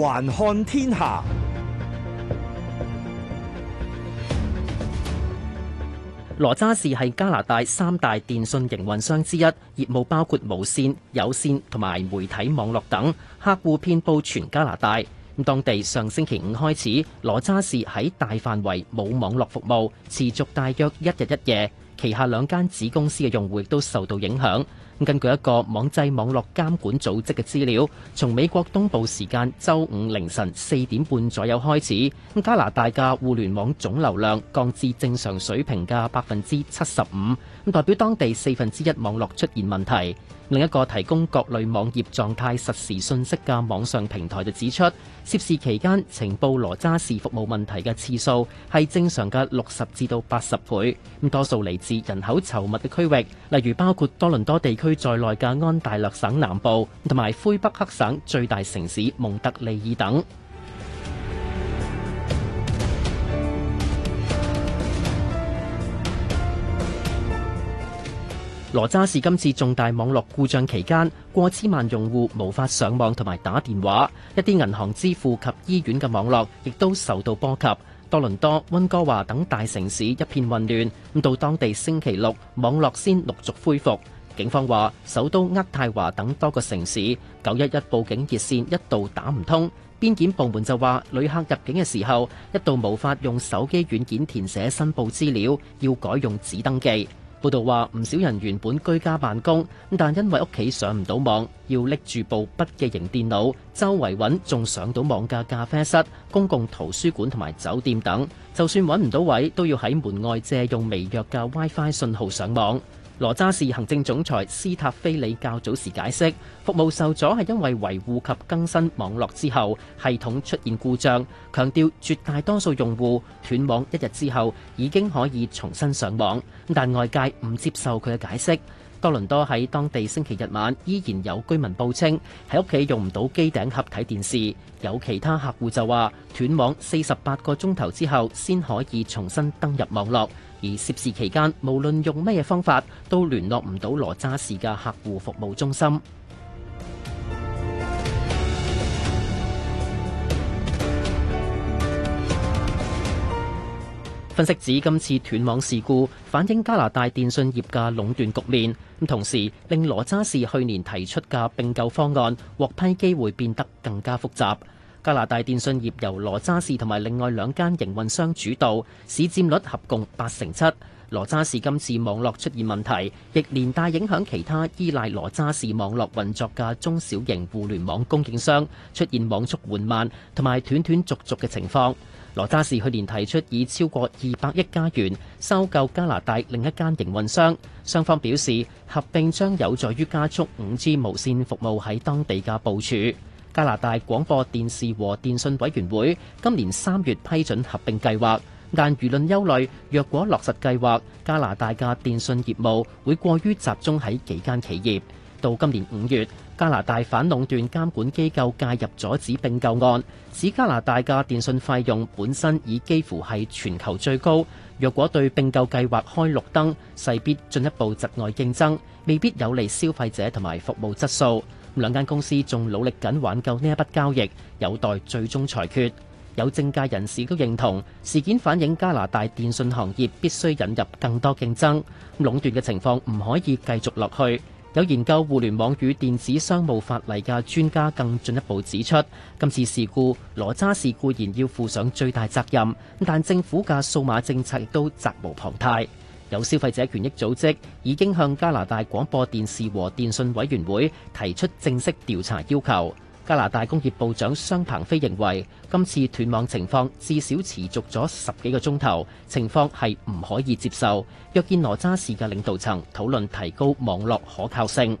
環看天下，羅渣士係加拿大三大電信營運商之一，業務包括無線、有線同埋媒體網絡等，客戶遍布全加拿大。咁當地上星期五開始，羅渣士喺大範圍冇網絡服務，持續大約一日一夜。旗下兩間子公司嘅用戶亦都受到影響。根據一個網際網絡監管組織嘅資料，從美國東部時間周五凌晨四點半左右開始，加拿大嘅互聯網總流量降至正常水平嘅百分之七十五，代表當地四分之一網絡出現問題。另一個提供各類網頁狀態實時信息嘅網上平台就指出，涉事期間情報羅渣士服務問題嘅次數係正常嘅六十至到八十倍，多數嚟自人口稠密嘅區域，例如包括多倫多地區。區在內嘅安大略省南部同埋魁北克省最大城市蒙特利爾等。羅渣士今次重大網絡故障期間，過千萬用戶無法上網同埋打電話，一啲銀行支付及醫院嘅網絡亦都受到波及。多倫多、溫哥華等大城市一片混亂，到當地星期六，網絡先陸續恢復。警方話，首都渥太華等多個城市，911報警熱線一度打唔通。邊檢部門就話，旅客入境嘅時候一度無法用手機軟件填寫申報資料，要改用紙登記。報道話，唔少人原本居家辦公，咁但因為屋企上唔到網，要拎住部筆記型電腦，周圍揾仲上到網嘅咖啡室、公共圖書館同埋酒店等。就算揾唔到位，都要喺門外借用微弱嘅 WiFi 信號上網。羅渣士行政總裁斯塔菲里較早時解釋，服務受阻係因為維護及更新網絡之後系統出現故障，強調絕大多數用戶斷網一日之後已經可以重新上網，但外界唔接受佢嘅解釋。多倫多喺當地星期日晚依然有居民報稱喺屋企用唔到機頂盒睇電視，有其他客戶就話斷網四十八個鐘頭之後先可以重新登入網絡，而涉事期間無論用咩方法都聯絡唔到羅渣士嘅客戶服務中心。分析指今次斷網事故反映加拿大電信業嘅壟斷局面，咁同時令羅渣士去年提出嘅併購方案獲批機會變得更加複雜。加拿大電信業由羅渣士同埋另外兩間營運商主導，市占率合共八成七。羅渣士今次網絡出現問題，亦連帶影響其他依賴羅渣士網絡運作嘅中小型互聯網供應商出現網速緩慢同埋斷斷續續嘅情況。羅渣士去年提出以超過二百億加元收購加拿大另一間營運商，雙方表示合併將有助於加速五 G 無線服務喺當地嘅部署。加拿大廣播電視和電信委員會今年三月批准合併計劃，但輿論憂慮，若果落實計劃，加拿大嘅電信業務會過於集中喺幾間企業。到今年五月，加拿大反壟斷監管機構介入阻止併購案，使加拿大嘅電信費用本身已幾乎係全球最高。若果對併購計劃開綠燈，勢必進一步窒礙競爭，未必有利消費者同埋服務質素。兩間公司仲努力緊挽救呢一筆交易，有待最終裁決，有政界人士都認同事件反映加拿大電信行業必須引入更多競爭，壟斷嘅情況唔可以繼續落去。有研究互聯網與電子商務法例嘅專家更進一步指出，今次事故，羅渣士固然要負上最大責任，但政府嘅數碼政策亦都責無旁貸。有消費者權益組織已經向加拿大廣播電視和電信委員會提出正式調查要求。加拿大工業部長商鵬飛認為，今次斷網情況至少持續咗十幾個鐘頭，情況係唔可以接受。約見羅渣士嘅領導層討論提高網絡可靠性。